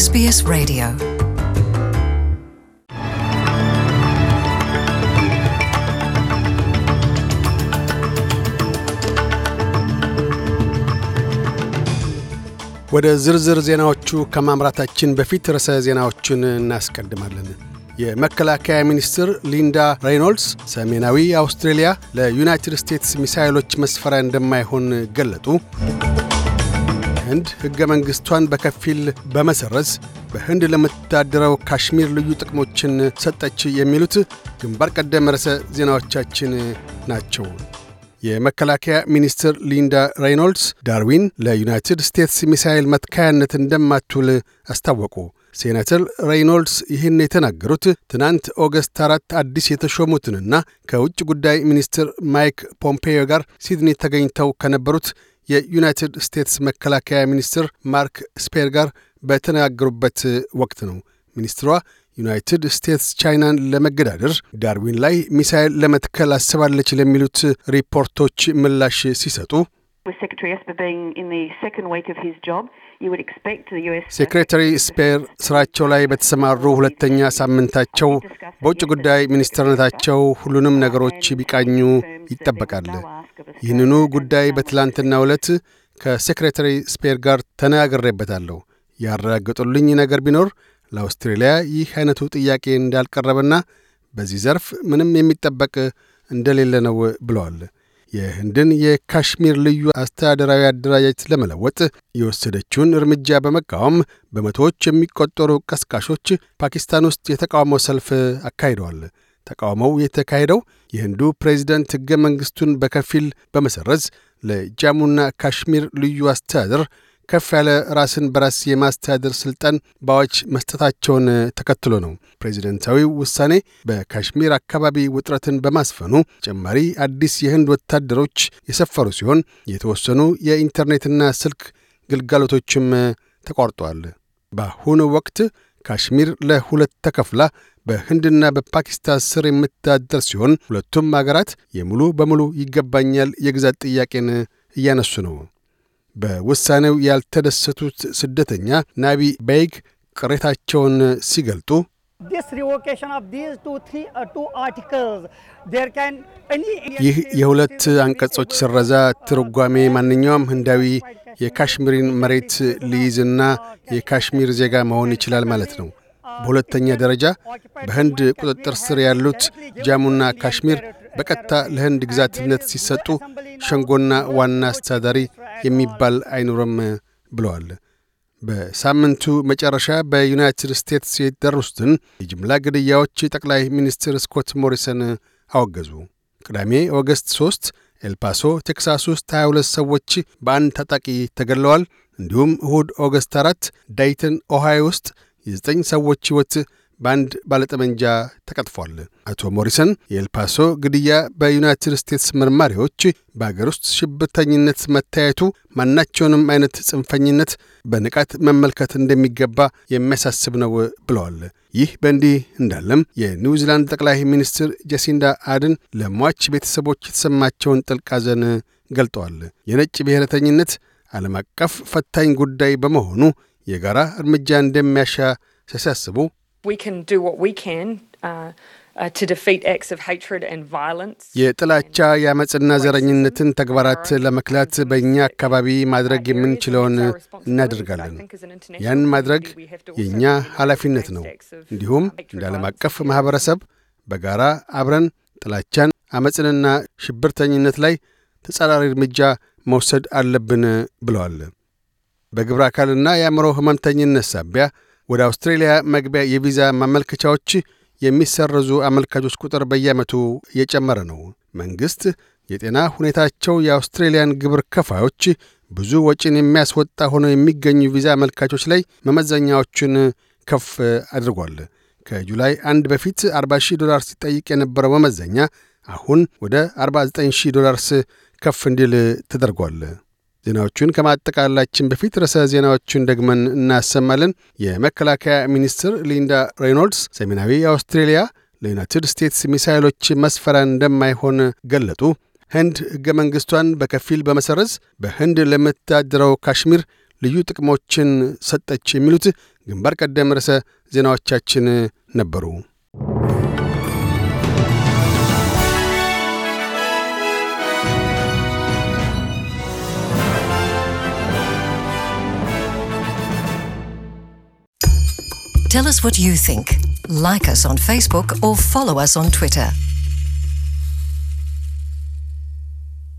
ኤስቢኤስ Radio. ወደ ዝርዝር ዜናዎቹ ከማምራታችን በፊት ርዕሰ ዜናዎቹን እናስቀድማለን። የመከላከያ ሚኒስትር ሊንዳ ሬይኖልድስ ሰሜናዊ አውስትሬሊያ ለዩናይትድ ስቴትስ ሚሳይሎች መስፈሪያ እንደማይሆን ገለጡ። ህንድ ሕገ መንግሥቷን በከፊል በመሰረዝ በህንድ ለምትተዳደረው ካሽሚር ልዩ ጥቅሞችን ሰጠች የሚሉት ግንባር ቀደም ርዕሰ ዜናዎቻችን ናቸው። የመከላከያ ሚኒስትር ሊንዳ ሬይኖልድስ ዳርዊን ለዩናይትድ ስቴትስ ሚሳይል መትከያነት እንደማትውል አስታወቁ። ሴናተር ሬይኖልድስ ይህን የተናገሩት ትናንት ኦገስት አራት አዲስ የተሾሙትንና ከውጭ ጉዳይ ሚኒስትር ማይክ ፖምፔዮ ጋር ሲድኒ ተገኝተው ከነበሩት የዩናይትድ ስቴትስ መከላከያ ሚኒስትር ማርክ ስፔር ጋር በተነጋገሩበት ወቅት ነው። ሚኒስትሯ ዩናይትድ ስቴትስ ቻይናን ለመገዳደር ዳርዊን ላይ ሚሳይል ለመትከል አስባለች ለሚሉት ሪፖርቶች ምላሽ ሲሰጡ ሴክሬታሪ ስፔር ስራቸው ላይ በተሰማሩ ሁለተኛ ሳምንታቸው በውጭ ጉዳይ ሚኒስትርነታቸው ሁሉንም ነገሮች ቢቃኙ ይጠበቃል። ይህንኑ ጉዳይ በትላንትና ዕለት ከሴክሬታሪ ስፔር ጋር ተነጋግሬበታለሁ። ያረጋገጡልኝ ነገር ቢኖር ለአውስትሬልያ ይህ አይነቱ ጥያቄ እንዳልቀረበና በዚህ ዘርፍ ምንም የሚጠበቅ እንደሌለ ነው ብለዋል። የህንድን የካሽሚር ልዩ አስተዳደራዊ አደራጀት ለመለወጥ የወሰደችውን እርምጃ በመቃወም በመቶዎች የሚቆጠሩ ቀስቃሾች ፓኪስታን ውስጥ የተቃውሞ ሰልፍ አካሂደዋል። ተቃውሞው የተካሄደው የህንዱ ፕሬዚደንት ሕገ መንግሥቱን በከፊል በመሰረዝ ለጃሙና ካሽሚር ልዩ አስተዳደር ከፍ ያለ ራስን በራስ የማስተዳደር ሥልጣን ባዎች መስጠታቸውን ተከትሎ ነው። ፕሬዚደንታዊው ውሳኔ በካሽሚር አካባቢ ውጥረትን በማስፈኑ ተጨማሪ አዲስ የህንድ ወታደሮች የሰፈሩ ሲሆን የተወሰኑ የኢንተርኔትና ስልክ ግልጋሎቶችም ተቋርጠዋል። በአሁኑ ወቅት ካሽሚር ለሁለት ተከፍላ በህንድና በፓኪስታን ስር የምታደር ሲሆን ሁለቱም አገራት የሙሉ በሙሉ ይገባኛል የግዛት ጥያቄን እያነሱ ነው። በውሳኔው ያልተደሰቱት ስደተኛ ናቢ በይግ ቅሬታቸውን ሲገልጡ ይህ የሁለት አንቀጾች ስረዛ ትርጓሜ ማንኛውም ህንዳዊ የካሽሚርን መሬት ሊይዝና የካሽሚር ዜጋ መሆን ይችላል ማለት ነው። በሁለተኛ ደረጃ በህንድ ቁጥጥር ስር ያሉት ጃሙና ካሽሚር በቀጥታ ለህንድ ግዛትነት ሲሰጡ ሸንጎና ዋና አስተዳዳሪ የሚባል አይኖርም ብለዋል። በሳምንቱ መጨረሻ በዩናይትድ ስቴትስ የደረሱትን የጅምላ ግድያዎች ጠቅላይ ሚኒስትር ስኮት ሞሪሰን አወገዙ። ቅዳሜ ኦገስት 3 ኤልፓሶ ቴክሳስ ውስጥ 22 ሰዎች በአንድ ታጣቂ ተገድለዋል። እንዲሁም እሁድ ኦገስት 4 ዳይተን ኦሃዮ ውስጥ የዘጠኝ ሰዎች ሕይወት በአንድ ባለጠመንጃ ተቀጥፏል። አቶ ሞሪሰን የኤልፓሶ ግድያ በዩናይትድ ስቴትስ መርማሪዎች በአገር ውስጥ ሽብርተኝነት መታየቱ ማናቸውንም አይነት ጽንፈኝነት በንቃት መመልከት እንደሚገባ የሚያሳስብ ነው ብለዋል። ይህ በእንዲህ እንዳለም የኒውዚላንድ ጠቅላይ ሚኒስትር ጀሲንዳ አድን ለሟች ቤተሰቦች የተሰማቸውን ጥልቅ ሐዘን ገልጠዋል። የነጭ ብሔረተኝነት ዓለም አቀፍ ፈታኝ ጉዳይ በመሆኑ የጋራ እርምጃ እንደሚያሻ ሲያሳስቡ Uh, uh, የጥላቻ የአመፅና ዘረኝነትን ተግባራት ለመክላት በእኛ አካባቢ ማድረግ የምንችለውን እናደርጋለን። ያን ማድረግ የእኛ ኃላፊነት ነው። እንዲሁም እንደ ዓለም አቀፍ ማኅበረሰብ በጋራ አብረን ጥላቻን፣ አመፅንና ሽብርተኝነት ላይ ተጻራሪ እርምጃ መውሰድ አለብን ብለዋል። በግብረ አካልና የአእምሮ ሕመምተኝነት ሳቢያ ወደ አውስትሬልያ መግቢያ የቪዛ ማመልከቻዎች የሚሰረዙ አመልካቾች ቁጥር በየዓመቱ እየጨመረ ነው። መንግሥት የጤና ሁኔታቸው የአውስትሬልያን ግብር ከፋዮች ብዙ ወጪን የሚያስወጣ ሆነው የሚገኙ ቪዛ አመልካቾች ላይ መመዘኛዎችን ከፍ አድርጓል። ከጁላይ አንድ በፊት 40 ሺህ ዶላር ሲጠይቅ የነበረው መመዘኛ አሁን ወደ 49 ሺህ ዶላርስ ከፍ እንዲል ተደርጓል። ዜናዎቹን ከማጠቃላችን በፊት ርዕሰ ዜናዎቹን ደግመን እናሰማለን። የመከላከያ ሚኒስትር ሊንዳ ሬኖልድስ ሰሜናዊ አውስትሬልያ ለዩናይትድ ስቴትስ ሚሳይሎች መስፈሪያ እንደማይሆን ገለጡ። ህንድ ሕገ መንግሥቷን በከፊል በመሰረዝ በህንድ ለምታደረው ካሽሚር ልዩ ጥቅሞችን ሰጠች። የሚሉት ግንባር ቀደም ርዕሰ ዜናዎቻችን ነበሩ። Tell us what you think. Like us on Facebook or follow us on Twitter.